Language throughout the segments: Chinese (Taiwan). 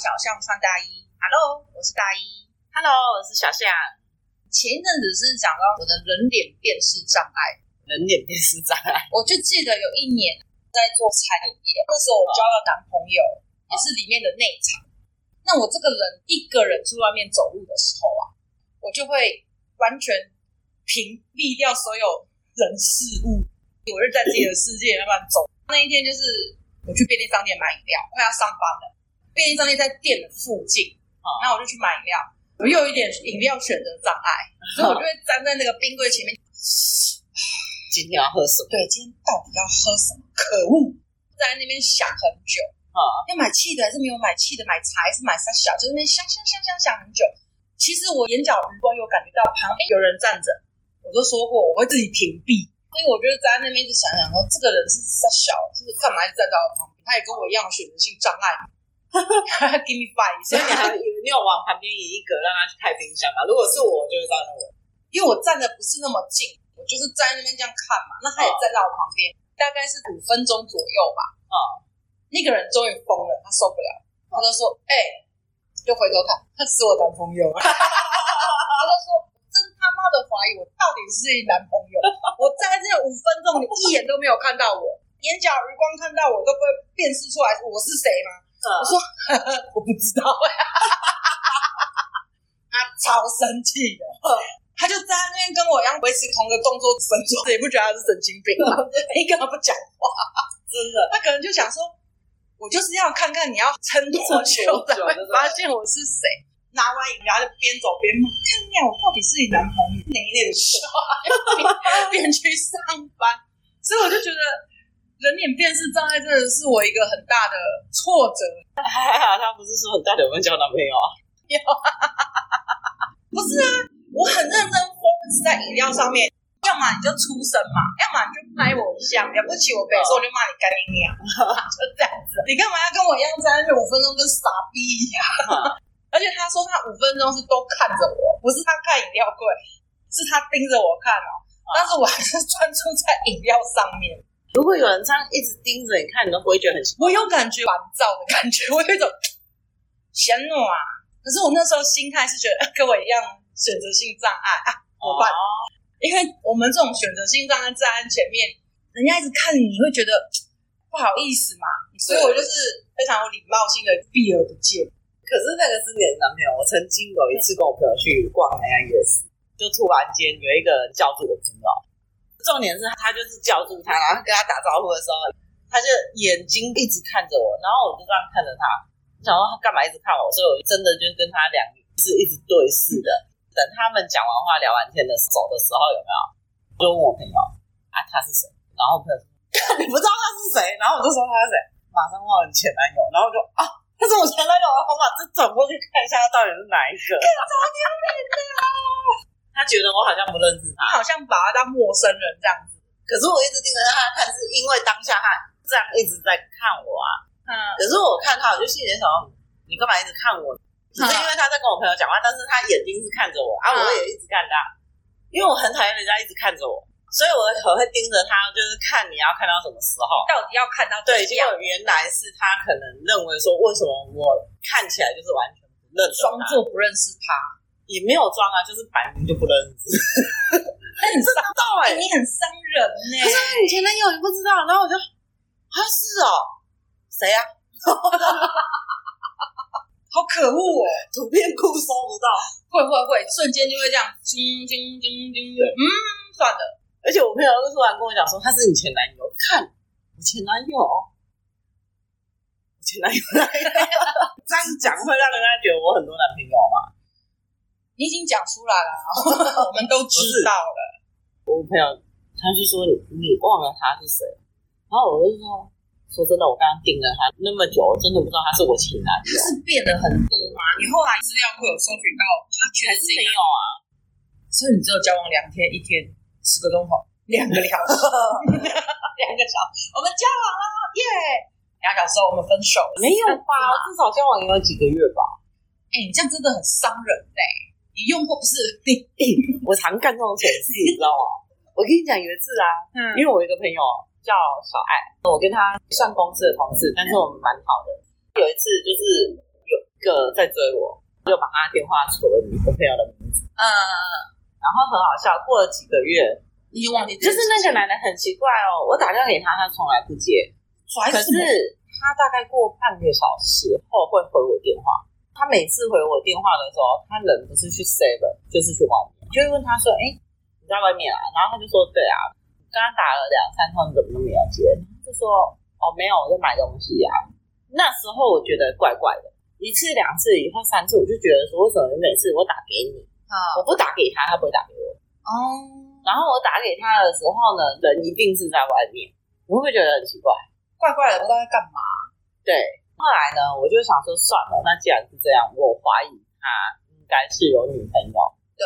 小象穿大衣，Hello，我是大一，Hello，我是小象。前一陣子是講到我的人臉辨識障礙，人臉辨識障礙。我就記得有一年在做餐飲業， 那時候我交了男朋友，oh. 也是裡面的內場。Oh. 那我這個人一個人在外面走路的時候啊，我就會完全屏蔽掉所有人事物， 我是在自己的世界慢慢走。 那一天就是我去便利商店買飲料，快要上班了。便利商店在店的附近，哦、那我就去買飲料。我又有一點飲料選擇障礙、哦，所以我就會站在那個冰櫃前面今。今天要喝什麼？對，今天到底要喝什麼？可惡！站在那邊想很久，啊、哦，要買氣的還是沒有買氣的？買茶還是買沙小？就是、那那想想想想想很久。其實我眼角餘光有感覺到旁邊有人站着，我都說過我會自己屏蔽，所以我就站在那邊一直想，想說這個人是沙小，就是幹嘛站在旁邊？他也跟我一樣選擇性障礙。哈哈，給你擺，一下。 因為你還你有往旁邊移一格，讓他去開冰箱嘛？ 如果是我，我就是這樣的我，因為我站的不是那麼近，我就是站在那邊這樣看嘛。那他也站在我旁邊、嗯，大概是五分鐘左右吧。啊、嗯，那個人終於瘋了，他受不了，嗯、他都說：“哎、欸，就回頭看，他是我男朋友。”哈哈哈他說：“真他媽的懷疑我到底是誰男朋友？ 我站在這五分鐘，你一眼都沒有看到我，眼角餘光看到我，都不會辨識出來我是誰嗎？” Uh, 我說 我不知道， 他超生氣的，uh, 他就在那邊跟我一樣維持同一個動作，神裝也不覺得他是神經病啊！你幹嘛不講話？Uh, uh, 真的，他可能就想說，我就是要看看你要撐多久才會發現我是誰。 拿完飲料就邊走邊罵，看一眼我到底是你男朋友， 你哪臉帥？邊 去上班，所以我就覺得。人臉辨識障礙真的是我一個很大的挫折。啊、他不是說很大的朋友交男朋友啊？ 不是啊，我很認真 focus 在飲料上面，嗯、要麼你就出聲嘛，嗯、要麼你就拍我一下。了不起我別說，我，我，我說就罵你幹娘， 就這樣子。你幹嘛要跟我一樣站在那五分鐘跟傻逼一、啊、樣？嗯、 而且他說他五分鐘是都看着我，不是他看飲料櫃，是他盯着我看哦、喔嗯。但是我還是專注在飲料上面。如果有人這樣一直盯着你看，你都不會覺得很……我有感覺煩躁的感覺，我有一種嫌惡啊。可是我那時候心態是覺得跟我一樣選擇性障礙啊，怎麼辦、哦，因為我們這種選擇性障礙在前面，人家一直看你，你會覺得不好意思嘛，所以我就是非常有禮貌性的避而不見。可是那個是你的男朋友。我曾經有一次跟我朋友去逛那家夜市，就突然間有一個人叫住我朋友。重點是他,他就是叫住他，然後跟他打招呼的時候，他就眼睛一直看着我，然後我就這樣看着他，想說他幹嘛一直看我，所以我真的就跟他兩是一直對視的。等他們講完話、聊完天的時候的時候，有沒有？就問我朋友啊他是誰？然後朋友說你不知道他是誰？然後我就說他是誰？馬上問我前男友，然後就啊他是我前男友，我馬上轉過去看一下他到底是哪一個、啊。找 他覺得我好像不認識他，他好像把他當陌生人這樣子。可是我一直盯着他看，是因為當下他這樣一直在看我啊。嗯。可是我看他，我就心裡想說：你幹嘛一直看我？嗯，就是因為他在跟我朋友講話，但是他眼睛是看着我啊。我也一直看他。嗯，因為我很討厭人家一直看着我，所以我可能會盯着他，就是看你要看到什麼時候，到底要看到對。結果原來是他可能認為說，為什麼我看起來就是完全不認，裝作不認識他。也沒有裝啊，就是擺明，就不認識。你知道哎，你很傷、欸、人呢、欸。可是你前男友，你不知道。然後我就，他是哦，誰呀、啊？ 好可惡哦！圖片庫搜不到，會會會，瞬間就會這樣。叮叮叮叮叮，嗯，算了。而且我朋友又突然跟我講說，他是你前男友。看，你前男友，前男友這樣講會讓人家覺得我很多男朋友好嗎？你已經講出來了， 我們都知道了。我朋友他就說你你忘了他是誰，然後我就說說真的，我剛剛盯了他那麼久，我真的不知道他是我前男友。他是變得很多嗎、啊？你後來資料庫有搜尋到他，還是沒有啊？ 所以你只有交往兩天，一天四個鐘頭，兩個, 個小時，兩個小時，我們交往了耶，兩、yeah! 家小時候我們分手，沒有吧？我至少交往有幾個月吧？哎、欸，你這樣真的很傷人嘞、欸。你用過不是？ 我常幹這種蠢事，你知道嗎？我跟你講有一次啊，嗯，因為我一個朋友叫小艾，我跟他算公司的同事，但是我們蠻好的。有一次就是有一個在追我，我就把他的電話存了女朋友的名字，嗯，然後很好笑。過了幾個月，萬、嗯，就，就是那個男的很奇怪哦，我打電話給他，他從來不接，可是他大概過半個小時後會回我電話。他每次回我電話的時候，他人不是去 save 就是去外面。就問他說：“哎、欸，你在外面啊？”然後他就說：“對啊，剛剛打了兩三通，你怎麼都沒有接？”就說：“哦，沒有，我在買東西啊。”那時候我覺得怪怪的，一次兩次以後三次，我就覺得說，為什麼你每次我打給你、嗯，我不打給他，他不會打給我？哦、嗯。然後我打給他的時候呢，人一定是在外面。你會不會覺得很奇怪？怪怪的，不知道在幹嘛？對。後來呢，我就想說算了，那既然是這樣，我懷疑他應該是有女朋友。對，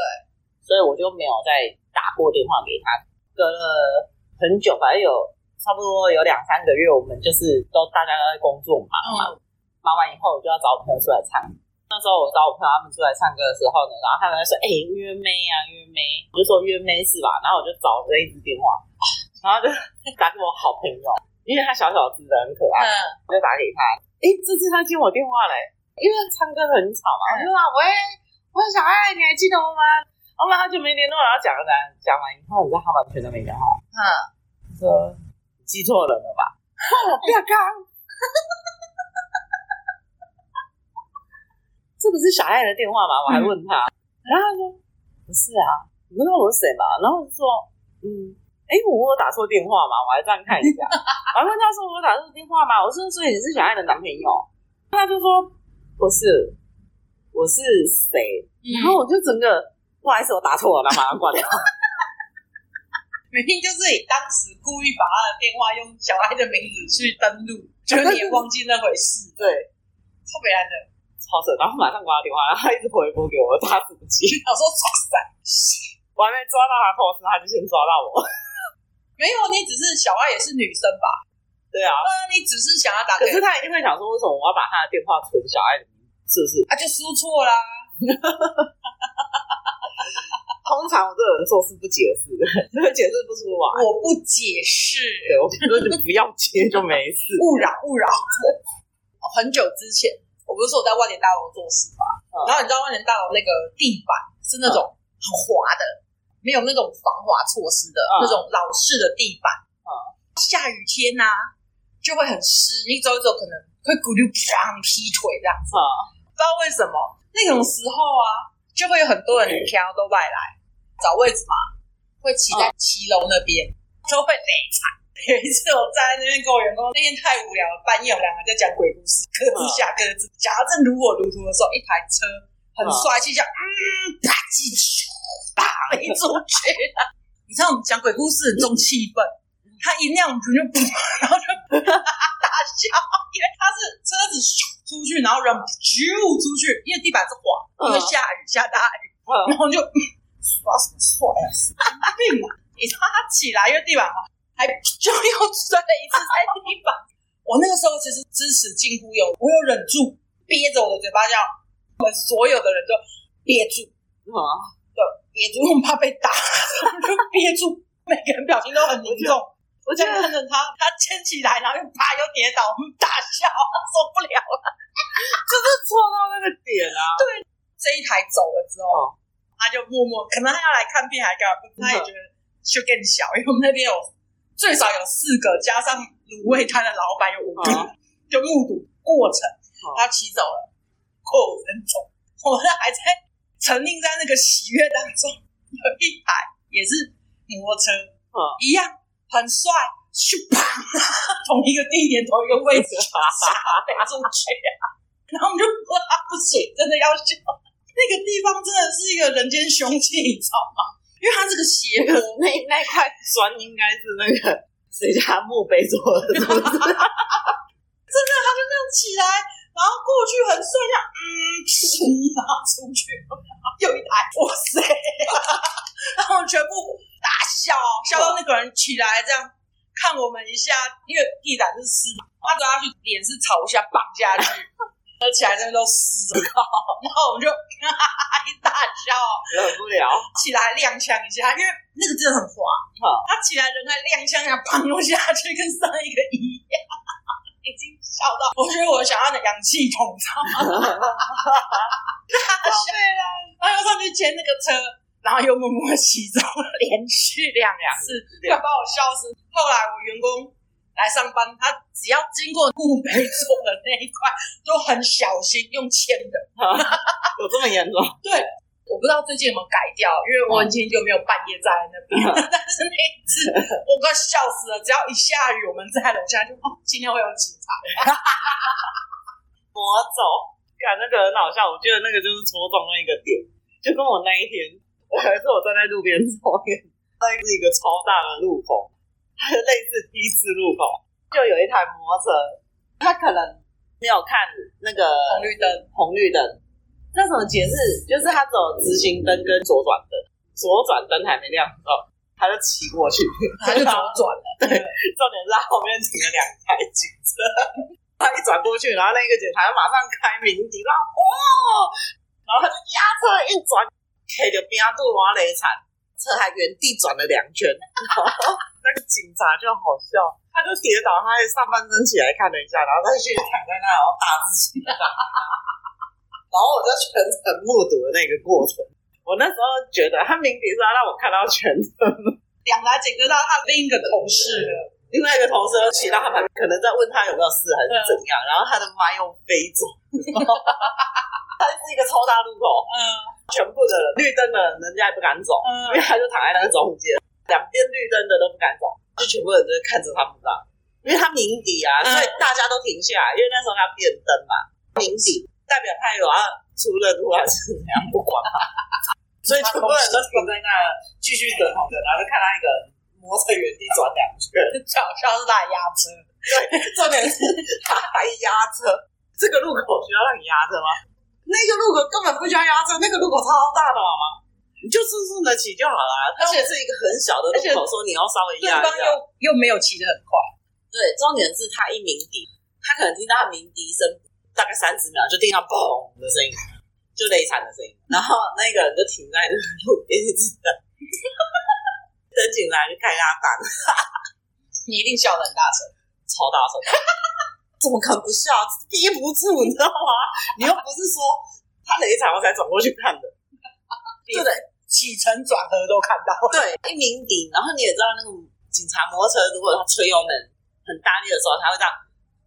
所以我就沒有再打過電話給他。隔了很久，反正有差不多有兩三個月，我們就是都大家都在工作忙嘛、嗯。忙完以後，我就要找我朋友出來唱。那時候我找我朋友他們出來唱歌的時候呢，然後他們就說：“哎、欸，約妹啊，約妹。”我就說：“約妹是吧？”然後我就找了一支電話，然後就打給我好朋友，因為他小小隻的很可愛、嗯，我就打給他。哎，這次他接我電話嘞，因為唱歌很吵嘛。我說、啊：“喂，我說小愛，你還記得我嗎？我們好久沒聯絡，然後講了講完以後，我是他完全都沒講話。講講”嗯，說記錯人了、嗯、吧？不要講，這不是小愛的電話嗎？我還問他，嗯、然後他說：“不是啊，你不知道我是誰嗎？”然後就說：“嗯。”哎、欸，我有打錯電話嗎？我還這樣看一下，我還問他說我打錯電話嗎？我說所以你是小愛的男朋友？他就說不是，我是誰、嗯？然後我就整個，不好意思，我打錯了，然後馬上掛掉。 明明就是你當時故意把他的電話用小艾的名字去登錄，就你忘記、啊、是那回事。對，特別難的，超扯。然後馬上掛電話，然後他一直回撥給我打手機。他然後我說抓噻，死了 我還沒抓到他，後來他就先抓到我。沒有，你只是小愛也是女生吧？對啊，啊你只是想要打，可是他一定會想說，為什麼我要把他的電話存小愛裡面？是不是？啊，就輸錯啦。 通常我這人做事不解釋的，解釋不出來。我不解釋，我跟你說就不要接就沒事 勿，勿擾勿擾。 很久之前，我不是說我在萬年大樓做事吧？嗯、然後你知道萬年大樓那個地板是那種很滑的。嗯沒有那種防滑措施的，嗯、那種老式的地板，嗯、下雨天吶，啊、就會很濕，你走一走可能會咕嚕啪劈腿這樣子，嗯。不知道為什麼，那種時候啊就會有很多人挑到外來找位置嘛，會騎在七樓那邊，嗯，就會累慘。有一次我站在那邊跟我員工，那天太無聊了，半夜我們兩個在講鬼故事，各自，嗯，嚇各自，講到正如火如荼的時候，一台車很帥氣，像嗯啪嘰。嗯打打了一出去了！你知道我們講鬼故事很重氣氛，他一亮我們就，然後就大笑，因為他是車子出去，然後人噗出去，因為地板是滑，因為下雨下大雨，然後你就刷什麼錯呀？哈哈你知道他起來，因為地板滑，還就又摔了一次。在地板！我那個時候其實支持近乎有，我有忍住憋着我的嘴巴叫，我們所有的人就憋住啊。憋住，我們怕被打，就憋住。每個人表情都很凝重我覺得。我就看着他，他牽起來，然後又啪，又跌倒，我們大笑，受不了了， 就是錯到那個點啊。對，這一台走了之後，他就默默，可能他要來看病還幹嘛？他也覺得、嗯、就更小，因為我們那邊有最少有四個，加上滷味攤的老闆有五個，就目睹過程。他騎走了，過五分鐘，我們還在，沉浸在那個喜悅當中，有一台也是摩托車、嗯，一樣很帥，咻啪，同一個地點，同一個位置砸飛出去啊！ 中 然後我們就說他不行，真的要笑。那個地方真的是一個人間凶器，你知道嗎？因為他這個斜的那那塊磚，應該是那個誰家墓碑做的桌， 真的，他就這樣起來。然後過去很帥，這樣嗯，出出去又一台，哇塞！ 然後全部大笑，笑到那個人起來這樣看我們一下，因為地板是濕的，他走下去臉是朝下，綁下去，而 且來真的都濕了。然後我們就哈哈哈一大笑，忍不了起來踉蹌一下，因為那個真的很滑。他起來仍然踉蹌一下，砰下去，跟上一個一樣。已經笑到，我覺得我想要的氧氣桶，哈哈哈然後又上去牽那個車，然後又默默洗澡，連續兩兩次，快要把我笑死。 後來我員工來上班，他只要經過墓碑座的那一塊， 都很小心用牽的， 有這麼嚴重？對。我不知道最近有沒有改掉，因為我今天就沒有半夜站在那邊。但、嗯、 是那一次，我快笑死了！只要一下雨，我們在樓下就哦，今天會有警察，哈哈哈哈哈。摩總，看那個很好笑，我覺得那個就是戳中那一個點。就跟我那一天，還是我站在路邊，那是一個超大的路口，類似 T 字路口，就有一台摩車，他可能沒有看那個紅綠燈，紅綠燈。那什麼節日？就是他走直行燈跟左轉燈，左轉燈還沒亮哦，他就騎過去，他就左轉了對對。重點是他後面停了兩台警車，他一轉過去，然後那個警察就馬上開鳴笛，然後哦，然後他就壓車一轉，給就邊度把他雷慘，車還原地轉了兩圈然後。那個警察就好笑，他就跌倒，他也上半身起來看了一下，然後他就去躺在那，然後打自己。 然後我就全程目睹了那個過程。我那時候覺得他鳴笛是要讓我看到全程。 兩台警車到他另一個同事，另外一個同事又騎到他旁邊，可能在問他有沒有事還是怎樣。嗯、然後他的媽又飛走。嗯、 他是一個超大路口，嗯，全部的人綠燈的人，人家也不敢走、嗯，因為他就躺在那個中間，兩邊綠燈的都不敢走，就全部人就看着他嘛。因為他鳴笛啊、嗯，所以大家都停下來。因為那時候他變燈嘛，鳴笛。代表他有要、啊、出任務還是怎樣？不管、啊， 所以全部人都停在那繼續等，等， 然後就看到一個摩托原地轉兩圈，好 像，像是在壓車，對， 重點是他還壓車。這個路口需要讓你壓車嗎？ 那個路口根本不需要壓車，那個路口超大的好嗎？ 你就是順得起就好了、啊。而且是一個很小的路口，說你要稍微壓一下，又又沒有騎得很快。對，重點是他一鳴笛，他可能聽到鳴笛聲。大概三十秒就聽到嘣的聲音，就雷殘的聲音，然後那個人就停在路邊，一、嗯、直等等警察去看一下他。你一定笑得很大聲，超大聲！怎麼可能不笑？憋不住，你知道嗎？啊、你又不是說他雷殘我才轉過去看的，對對？起承轉合都看到，對，一鳴頂，然後你也知道那個警察摩托車，如果他催油門很大力的時候，他會到。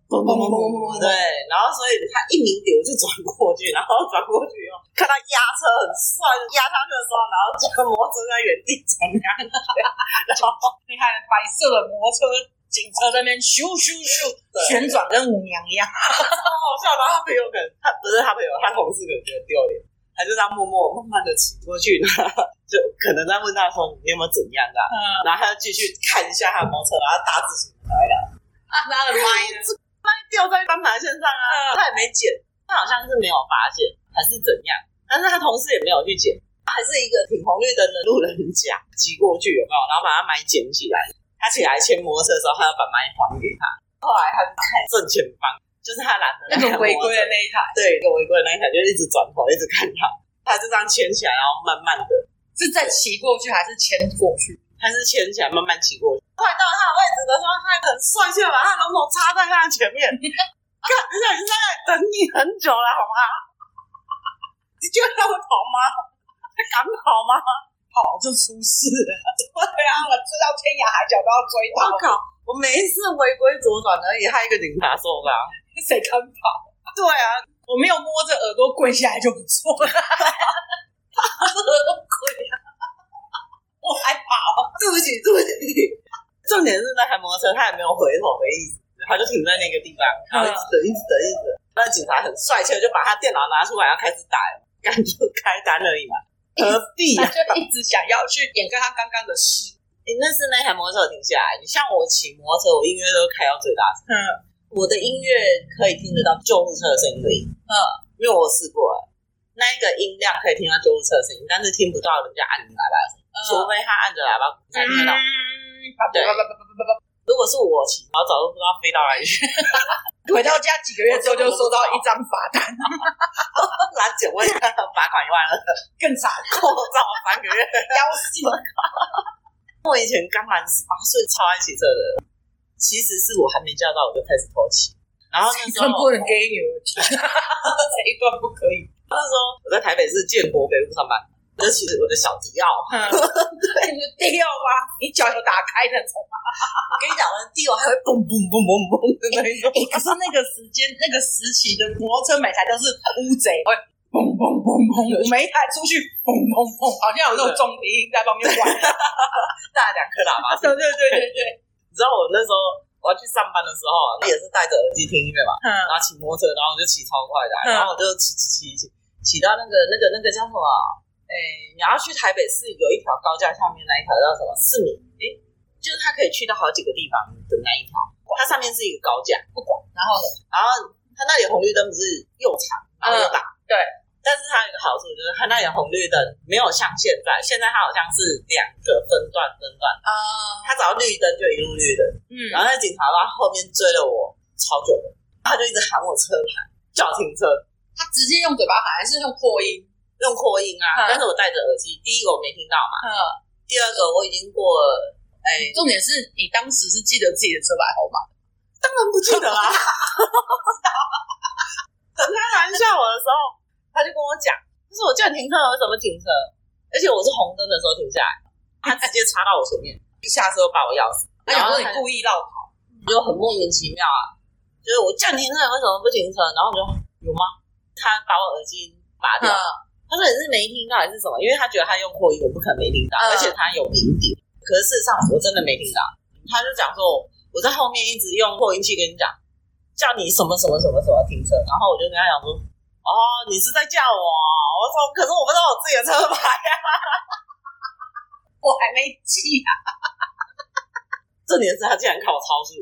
噗噗噗噗噗噗噗噗對，然後所以他一鳴笛，我就轉過去，然後轉過去哦，看他壓車很帥，壓上去的時候，然後這個摩托車在原地怎樣、啊？然後你看 白色的摩托車、警車那邊咻咻咻旋轉，跟舞娘一樣，好笑。然後他朋友可能他不是他朋友，他同事可能覺得丟臉，還是他默默地慢慢的騎過去，就可能在問他說：“你有沒有怎樣啊？”嗯、然後他繼續看一下他的摩托車，然後他打自己來了啊，拿了牌子。掉在斑馬線上啊！嗯、他也沒撿，他好像是沒有發現還是怎樣，但是他同事也沒有去撿，他還是一個等紅綠燈的，的路人甲騎過去，有沒有？然後把他麥撿起來，他起來牽摩托車的時候，他要把麥還給他。後來他看正前方，就是他攔的那個違規的那一台，那對，違規、那個、的那一台就一直轉頭一直看他，他就這樣牽起來，然後慢慢的是在騎過去還是牽過去？還是牽起來慢慢騎過去。快到他的位置的時候，他還很帥氣的把他龍頭插在他的前面。你看，人家已經在那等你很久了，好嗎？你覺得他會跑嗎？他敢跑嗎？跑就出事。怎麼樣？追到天涯海角都要追他。我靠，我每一次違規左轉而已，害一個警察受傷。誰敢跑？對啊，我沒有摸着耳朵跪下來就不錯了。他、啊、的、啊、耳朵跪啊！我還跑？對不起，對不起。重點是那台摩托車，他也沒有回頭的意思，他就停在那個地方，然後一直等，、嗯、一直等，一直等，一直等，那警察很帥氣，就把他電腦拿出來，要開始打，幹就開單而已嘛，何必、啊？他就一直想要去掩蓋他剛剛的詩你、欸、那是那台摩托車停下來，你像我騎摩托車，我音樂都開到最大聲，嗯，我的音樂可以聽得到救護車的聲音，嗯，因為我試過了，那一個音量可以聽到救護車的聲音，但是聽不到人家按喇叭，嗯、除非他按着喇叭才聽到。如果是我騎，然後早就不知道飛到哪裡。回到家幾個月之後，就收到一張罰單。姐我也看到罰款一萬二，更傻。扣過我三個月，要死。我以前剛滿十八歲，啊、超愛騎車的。其實是我還沒駕照，我就開始偷騎。然後那時不能給女兒騎，這一段，一段不可以。他說我在台北市建國北路上班。尤其是我的小迪奧，嗯、 對，你的迪奧嗎？你腳要打開的，懂嗎？ 我跟你講，我迪奧還會蹦蹦蹦蹦蹦的那種。 可是那個時間、那個時期的摩托車每台都是烏賊，會蹦蹦蹦的，我每一台出去蹦蹦蹦，好像有那種中頻在旁邊玩帶兩顆喇叭。對對對對對。你知道我那時候我要去上班的時候，你也是戴着耳機聽音樂嘛，拿、嗯、起摩托車、嗯，然後我就騎超快的，然後我就騎騎騎騎騎到那個那個那個叫什麼？哎、欸，你要去台北市有一條高架上面那一條叫什麼？四米，哎、欸，就是他可以去到好幾個地方的那一條。它上面是一個高架，不管。然後呢，然後他那裡紅綠燈不是又長然後又大、嗯，對。但是他有一個好處，就是他那裡紅綠燈沒有像現在，現在他好像是兩個分段分段，嗯。啊，他只要綠燈就一路綠燈。嗯。然後那個警察到後面追了我超久的，他就一直喊我車牌，叫停車。他直接用嘴巴喊，還是用擴音？用擴音啊、嗯！但是我戴着耳機，第一個我沒聽到嘛、嗯。第二個我已經過了。哎，重點是你當時是記得自己的車牌號碼，當然不記得啦、啊。 等他攔下我的時候，他就跟我講：“就是我叫你停車，為什麼停車？而且我是紅燈的時候停下來。”他直接插到我前面，一下車把我咬死。然後你故意繞跑、嗯，就很莫名其妙啊！就是我叫你停車，為什麼不停車？然後我就，有嗎？他把我耳機拔掉。嗯。他說你是沒聽到還是什麼？因為他覺得他用擴音，我不可能沒聽到、呃，而且他有鳴笛。可是事實上我真的沒聽到，他就講說我在後面一直用擴音器跟你講，叫你什麼什麼什麼什麼停車。然後我就跟他講說，哦，你是在叫我，我說，可是我不知道我自己的車牌啊，我還沒記啊。重點是他竟然看我超速，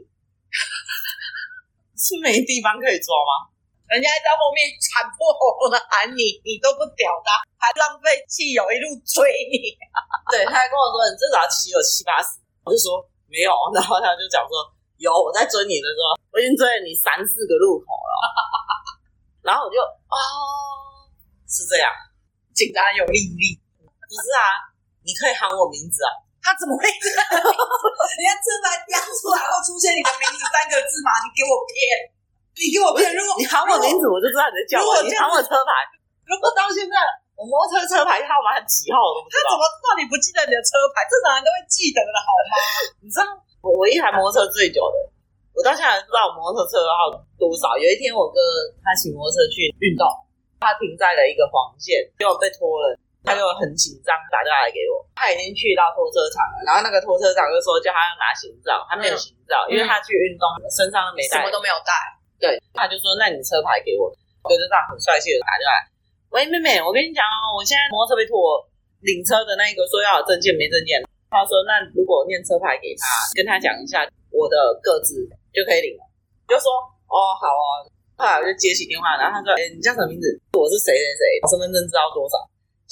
是沒地方可以抓嗎？人家在後面慘破喉嚨的喊你，你都不屌他，還浪費汽油一路追你啊。對，他還跟我說 你至少騎了七八十，我就說沒有，然後他就講說有，我在追你的時候我已經追了你三四個路口了。 然後我就哦，是這樣， 警察有毅力，不是啊？你可以喊我名字啊？他怎麼會這樣？ 藏、啊、我名字，我就知道你在叫我。藏我車牌，如果到現在我摩托車，車牌號碼幾號，我都不知道。他怎麼知道你不記得你的車牌？正常人都會記得的，好嗎？ 你知道，我我一台摩托車最久的，我到現在不知道我摩托車號多少。有一天，我哥他騎摩托車去運動，他停在了一個黃線，結果被拖了。他就很緊張，打電話來給我。他已經去到拖車場了，然後那個拖車場就說叫他要拿行照，他沒有行照，嗯、因為他去運動、嗯、身上沒帶，什麼都沒有帶。對，他就說：“那你車牌給我。”我就這樣很帥氣的打進來：“喂，妹妹，我跟你講哦，我現在摩托車被拖，領車的那一個說要有證件沒證件。”他說：“那如果念車牌給他，跟他講一下我的個子就可以領了。”就說：“哦，好哦。”後來我就接起電話，然後他說：“誒，你叫什麼名字？我是誰誰誰，我身份證知道多少？”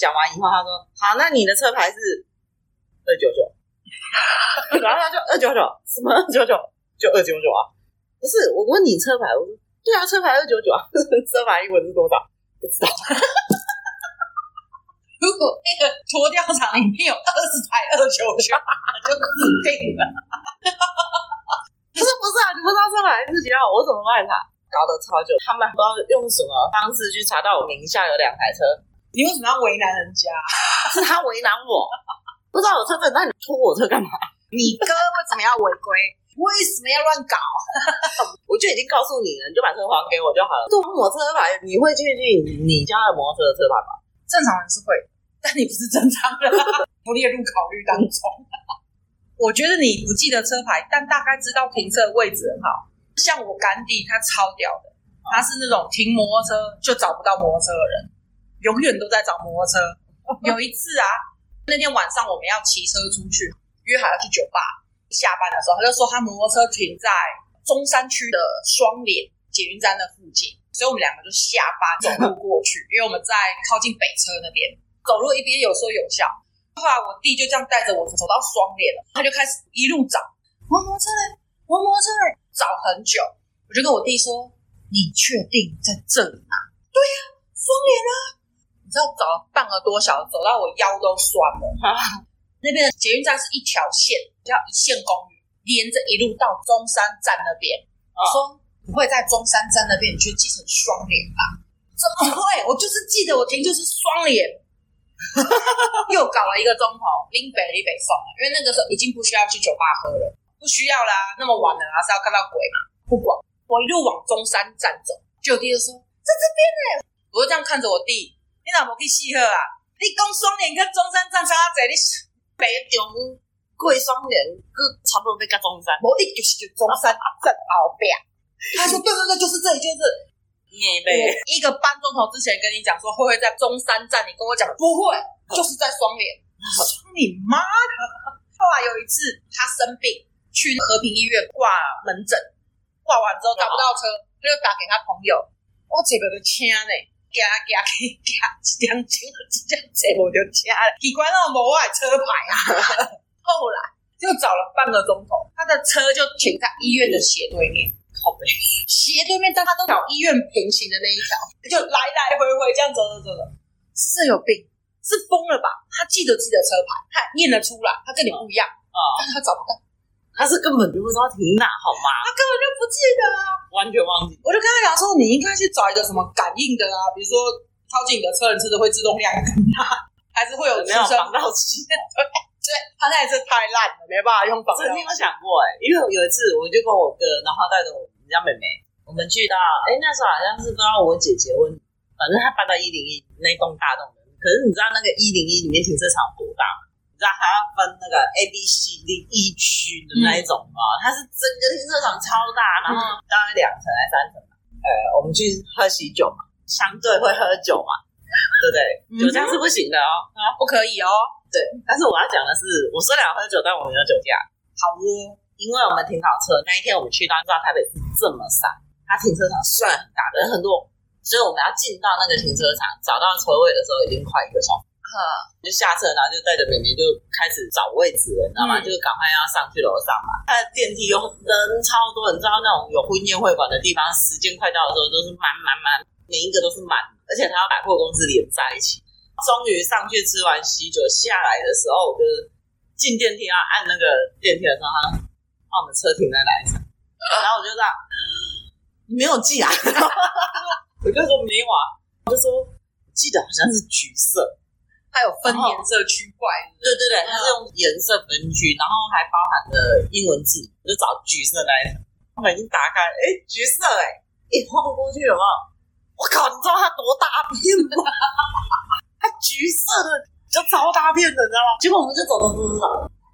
講完以後，他說：“好，那你的車牌是二九九。 ” 然後他就二九九，什麼二九九？九九，就二九九啊。”不是我問你車牌，我說對啊，車牌二九九啊，車牌英文是多少？不知道。 如果那個拖吊場裡面有二十台二九九，就死定以了。 不是不是啊，你不知道車牌是幾號？我怎麼賣他？搞得超久，他們不知道用要用什麼方式去查到我名下有兩台車？你為什麼要為難人家？ 是他為難我， 不知道我車子，那你拖我車幹嘛？你哥為什麼要違規？為什麼要亂搞？ 我就已經告訴你了，你就把車還給我就好了。做摩托車牌，你會記不記你家的摩托車的車牌吧？正常人是會，但你不是正常人， 不列入考慮當中。 我覺得你不記得車牌，但大概知道停車位置。哈，像我乾弟，他超屌的，他是那種停摩托車就找不到摩托車的人，永遠都在找摩托車。 有一次啊，那天晚上我們要騎車出去，約好要去酒吧。下班的時候，他就說他摩托車停在中山區的雙連捷運站的附近，所以我們兩個就下班走路過去，因為我們在靠近北車那邊，嗯，走路一邊有說有笑。後來我弟就這樣帶着我走到雙連了，他就開始一路找摩托車，摩托車找很久。我就跟我弟說：“你確定在這裡嗎？”“對呀、啊，雙連啊！”你知道找了半個多小時，走到我腰都酸了。那邊的捷運站是一條線，叫一線公寓，連着一路到中山站那邊、哦。說不會在中山站那邊去記成雙連吧？怎麼會、哦？我就是記得我停就是雙連， 又搞了一個鐘頭拎北拎北送了，因為那個時候已經不需要去酒吧喝了，不需要啦、啊，那麼晚了啦是要看到鬼嘛？不管，我一路往中山站走，就弟就說在這邊呢、欸，我就這樣看着我弟，你老婆去四號啊？你講雙連跟中山站差阿你。在中，中山，過雙連，哥差不多在中山。我一就是中山啊站，啊表，他說對對對，就是這裡，就是你妹。一個半鐘頭之前跟你講說，會不會在中山站？你跟我講不會不，就是在雙連雙你媽的！後來有一次他生病，去和平醫院掛門診，掛完之後打、哦、不到車，他就打給他朋友。哦、我這個天嘞！夾夾去夾，一張紙一張找我就加了，奇怪那種無愛車牌啊。 後來就找了半個鐘頭，他的車就停在醫院的斜對面，好斜對面，但他都找醫院平行的那一條，就來來回回這樣走走走走，是，是有病？是瘋了吧？他記得自己的車牌，他念得出來，他跟你不一樣啊、嗯嗯，但是他找不到。他是根本就不知道停哪好嗎？他根本就不記得，啊，完全忘記。我就跟他講說，你應該去找一個什麼感應的啊，比如說靠近你的車，輪車子是不是會自動亮燈，還是會有防盜器？對，他那一次太爛了，沒辦法用防盜器。曾經有想過哎、欸，因為我有一次，我就跟我哥，然後帶着我們家妹妹，我們去到哎、欸、那時候好像是都要我姐結婚，反正他搬到101那一零一那棟大棟的。可是你知道那個一零一裡面停車場有多大嗎？你知道他要分那個 A B C D E 區的那一種嗎？嗯、它是整個停車場超大，然後大概兩層還三層吧、呃。我們去喝喜酒嘛，相對會喝酒嘛，嗯、對不對,對？嗯、酒駕是不行的哦、啊，不可以哦。對，但是我要講的是，我雖然喝酒，但我沒有酒駕，好不？因為我們停好車那一天，我們去到，你知道台北是這麼塞。它停車場算大的很多，所以我們要進到那個停車場找到車位的時候，已經快一個小時。嗯、就下車，然後就帶着美美就開始找位置了，然後、嗯、就趕、是、快要上去樓上嘛。他的電梯有人超多，你知道那種有婚宴會館的地方，時間快到的時候都是滿滿滿，每一個都是滿，而且他要百貨公司連在一起。終於上去吃完喜酒下來的時候，我就是進電梯要按那個電梯的時候，他把我們車停在哪一層，然後我就說、嗯：“沒有記啊。 我就說沒啊”我就說：“沒有啊。”我就說：“記得好像是橘色。”它有分顏色區塊，對對對，對，它、嗯、是用顏色分區，然後還包含了英文字，我就找橘色來。我們已經打開，哎、欸，橘色、欸，哎、欸，一晃過去有沒有？我靠，你知道它多大片嗎？它橘色的，就超大片的，你知道嗎？結果我們就走走走走走，走，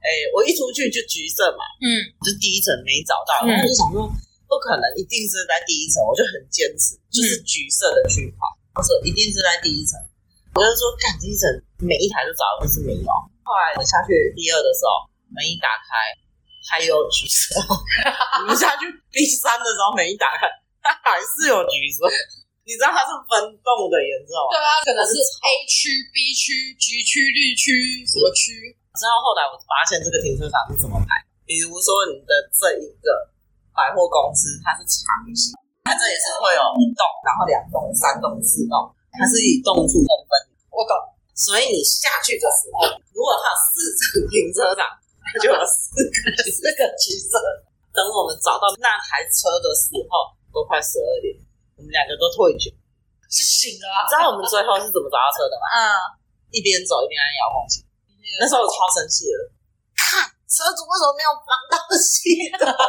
哎、欸，我一出去就橘色嘛，嗯，就第一層沒找到，然後我就想說，嗯、不可能，一定是在第一層，我就很堅持，就是橘色的區塊，我說一定是在第一層。我就說，幹，這一整每一台都找不是沒有。後來我下去 B 二的時候，門一打開，還有橘色。我 們下去 B 三的時候，門一打開，它還是有橘色。 你知道它是分棟的，顏色嗎？對啊，可能是 A 區、B 區、橘區、綠區什麼區？直到後，後來我發現這個停車場是怎麼排。比如說你的這一個百貨公司，它是長形，它這也是會有一棟，然後兩棟、三棟、四棟。它是以棟數來分，我懂。所以你下去的時候，如果它有四層停車場，他就有四個 四個汽色。等我們找到那台車的時候，都快十二點，我們兩個都退去。是醒的。你知道我們最後是怎麼找到車的嗎？嗯，一邊走一邊按遙控器，嗯。那時候我超生氣的，看車主為什麼沒有防盜器？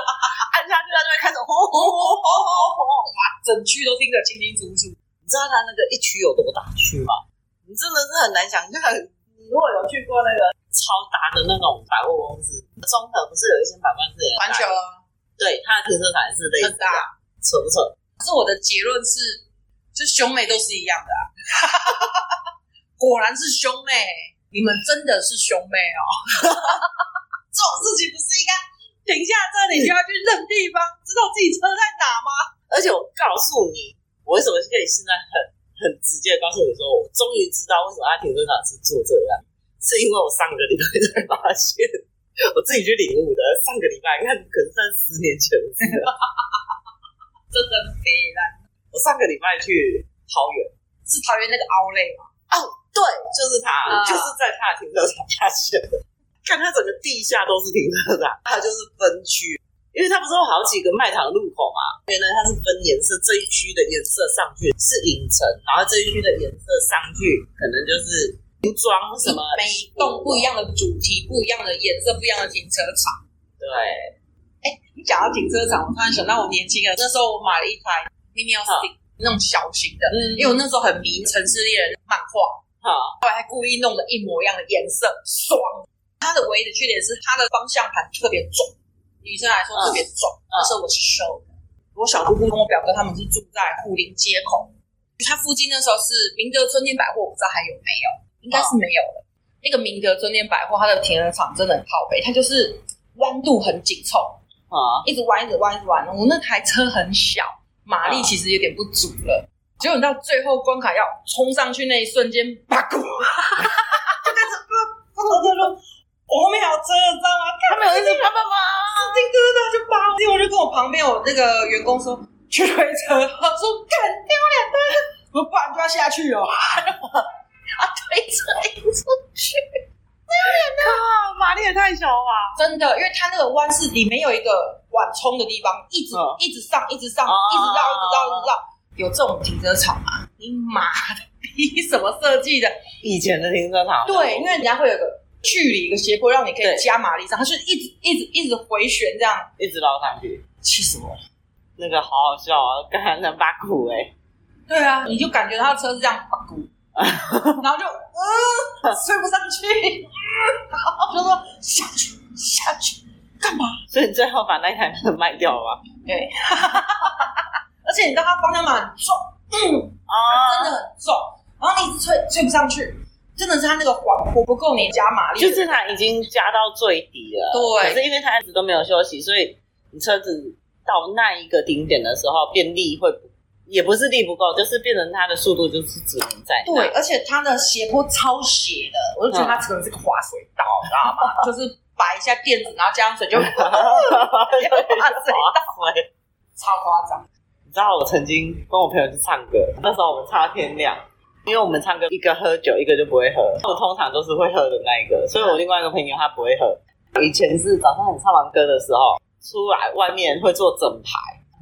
按下去它就會開始轟轟轟轟轟，哇、哦哦哦哦，整區都聽得清清楚楚。你知道它那個一區有多大區嗎？你真的是很難想象。你看如果有去過那個超大的那種百貨公司，中和不是有一些百貨公司？環球、啊。對，它的停車場是很大，扯不扯？可是我的結論是，就兄妹都是一樣的啊！ 果然是兄妹， 你們真的是兄妹哦！這 種事情不是應該停下車，你就要去認地方，嗯、知道自己車在哪嗎？而且我告訴你。我為什麼可以現在很很直接的告訴你說，我終於知道為什麼他停車場是做這樣，是因為我上個禮拜才發現，我自己去領悟的。上個禮拜，你看可能在十年前的事， 真的悲了！我上個禮拜去桃園，是桃園那個 outlet 嗎？哦，對，就是它、嗯，就是在它的停車場發現，看它整個地下都是停車場，它就是分區。因為它不是有好幾個賣場入口嘛？原來它是分顏色，這一區的顏色上去是影城，然後這一區的顏色上去可能就是服裝什麼，每一棟不一樣的主題、不一樣的顏色、不一樣的停車場。對，哎、欸，你講到停車場，我突然想到我年輕的、嗯、那時候，我買了一台 Mini Austin 那種小型的、嗯，因為我那時候很迷城市獵人漫畫，後來、嗯、還故意弄了一模一樣的顏色，爽。它的唯一的缺點是它的方向盤特別重。女生來說特別重，那時候我是瘦的。我小姑姑跟我表哥他們是住在虎林街口，它附近那時候是明德春天百貨，我不知道還有沒有，應該是沒有了，嗯。那個明德春天百貨，它的停車場真的很靠北，它就是彎度很緊湊啊，一直彎一,一直彎一直彎。我那台車很小，馬力其實有點不足了，嗯、結果你到最後關卡要衝上去那一瞬間，就不，這，就在這。我後面還有車，知道嗎？看他沒有他幹嘛？使勁嘟嘟嘟就扒我！我就跟我旁邊我那個員工說：“去推車！”他說：“幹丟臉的！”我把你抓下去哦！啊，推車！出去丟臉的！啊、馬力也太小了！真的，因為他那個彎是裡面有一個緩衝的地方，一直、嗯、一直上，一直上，啊、一直繞一直繞一直繞，有這種停車場嗎？你媽的，逼什麼設計的？以前的停車場對、哦，因為人家會有個。距離一個斜坡讓你可以加馬力上，它就一直一直一直回旋這樣，一直撈上去，氣死我了。那個好好笑啊，哦，剛才那八股哎，對啊，你就感覺他的車是這樣把鼓， 然後就嗯、呃，吹不上去， 然後就說下去下去幹嘛？所以你最後把那一台車賣掉吧。對、okay. 而且你知道他方向盤很重，啊，嗯、真的很重，啊，然後你一直吹，吹不上去。真的是它那個滑坡，不夠你加馬力是是，就是它已經加到最底了。對，可是因為它一直都沒有休息，所以你車子到那一個頂點的時候，變力會，也不是力不夠，就是變成它的速度就是只能在。對，而且它的斜坡超斜的，我就覺得它可能是個滑水道，嗯，你知道嗎？ 就是擺一下墊子，然後加上水就 水倒滑水，超誇張。你知道我曾經跟我朋友去唱歌，那時候我們唱到天亮。因為我們唱歌，一個喝酒，一個就不會喝。我通常都是會喝的那一個，所以我另外一個朋友他不會喝。以前是早上很唱完歌的時候，出來外面會坐整排，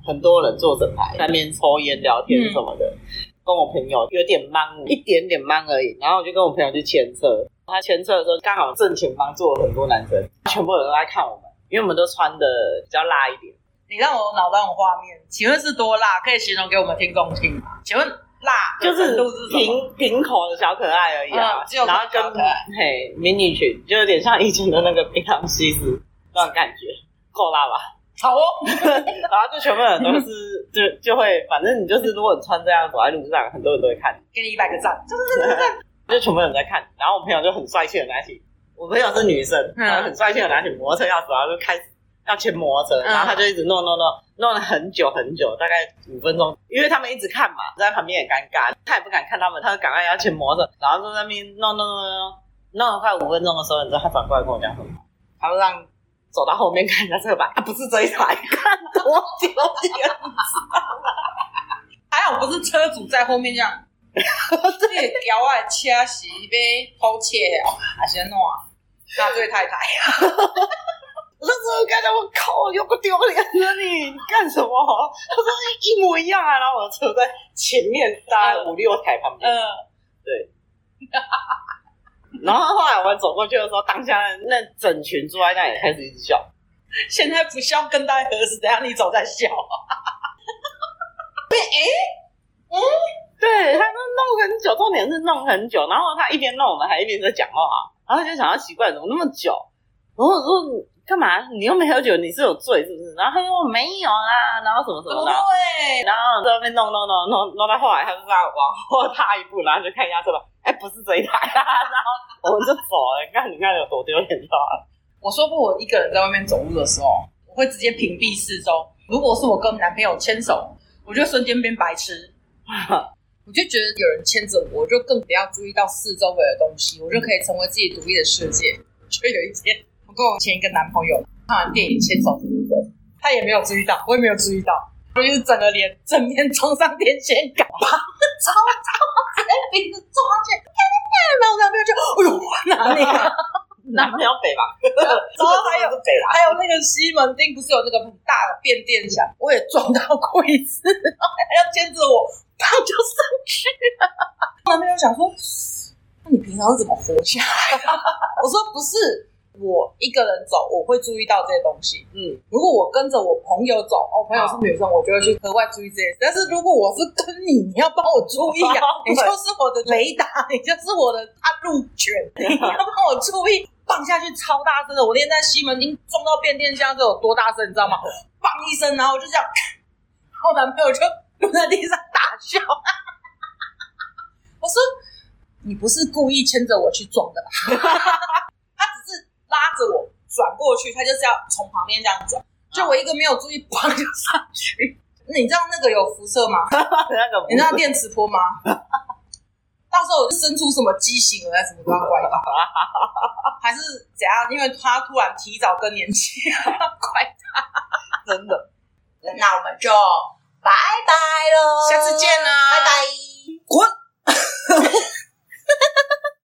很多人坐整排，外面抽菸聊天什麼的。嗯、跟我朋友有點茫，一點點茫而已。然後我就跟我朋友去牽車，他牽車的時候剛好正前方坐了很多男生，全部人都在看我們，因為我們都穿的比較辣一點。你讓我腦袋有畫面，請問是多辣？可以形容給我們聽眾聽嗎？請問？辣就是瓶瓶口的小可愛而已啊，嗯、然後就，可愛。嘿、hey,，迷你裙就有點像以前的那個檳榔西施那種、個、感覺，夠辣吧？好哦， 然後就全部人都是就就會，反正你就是，如果你穿這樣走 在路上，很多人都會看給你一百個讚，就是就是就就全部人在看。然後我朋友就很帥氣的拿起，我朋友是女生，嗯、然後很帥氣的拿起摩托車鑰匙，然後就開始。要去磨着，然後他就一直弄弄弄，弄了很久很久，大概五分鐘，因為他們一直看嘛，在旁邊也很尷尬，他也不敢看他們，他就趕快要去磨着，然後就在那邊弄弄弄弄了快五分鐘的時候，你知道他轉過來跟我講什麼？他說讓走到後面看一下這個吧，他、啊、不是這一台 看多丟臉啊！ 還好不是車主在後面這樣，自己屌啊，切洗被偷竊了，還是弄、啊、那對太太、啊。 我說：“幹什麼？我靠！又不丟臉了你？你幹什麼？”他 說：“一模一樣啊。”然後我坐在前面，搭五六台旁邊、呃。對。 然後後來我們走過去的時候，當下那整群坐在那裡開始一直笑。 現在不笑更待何時，等一下，你走在笑。哈哈哈！對，他都弄很久，重點是弄很久。然後他一邊弄我們還一邊在講話。然後他就想要奇怪，怎麼那麼久？然後說。嗯幹嘛？你又沒喝酒，你是有醉是不是？然後他說我沒有啊，然後什麼什麼的，對，然後在外面弄弄弄弄弄到後來，他就這樣往後踏一步，然後就看一下車了。哎，不是這一台，然後我們就走了。 你看，你看有多丟臉，知道嗎？我說過，我一個人在外面走路的時候，我會直接屏蔽四周。如果是我跟男朋友牽手，我就瞬間變白痴。 我就覺得有人牽着我，我就更不要注意到四周圍的東西，我就可以成為自己獨立的世界。就有一天。跟我前一個男朋友看完電影先走的那個，他也沒有注意到，我也沒有注意到，我就是整個臉整面衝上電線桿，超髒，整個鼻子撞起來。 然後我男朋友就哎呦，哪裡啊？啊男朋友北吧 然。然後還有後北了還有那個西門町不是有那、這個很大的變電箱，我也撞到過一次，還要牽着我他就上去了。然後男朋友想說，那你平常是怎麼活下來的？ 我說不是。我一個人走，我會注意到這些東西。嗯，如果我跟着我朋友走，我、嗯喔、朋友是女生，我就會去格外注意這些。但是如果我是跟你，你要幫我注意啊、哦！你就是我的雷達、哦，你就是我的探路犬。你要幫我注意。放下去超大聲的，我那天在西門町撞到變電箱，這有多大聲，你知道嗎？放一聲，然後我就這樣，我、呃、男朋友就蹲在地上大笑。 我說：“你不是故意牽着我去撞的吧？” 拉着我轉過去，他就是要從旁邊這樣轉，啊，就我一,一個沒有注意，就上去。 你知道那個有輻射嗎？ 你知道電磁波嗎？ 到時候生出什麼畸形了，什麼都要怪他， 還是怎樣？因為他突然提早更年期，怪他真的。 那我們就拜拜嘍，下次見啦，拜拜，滾。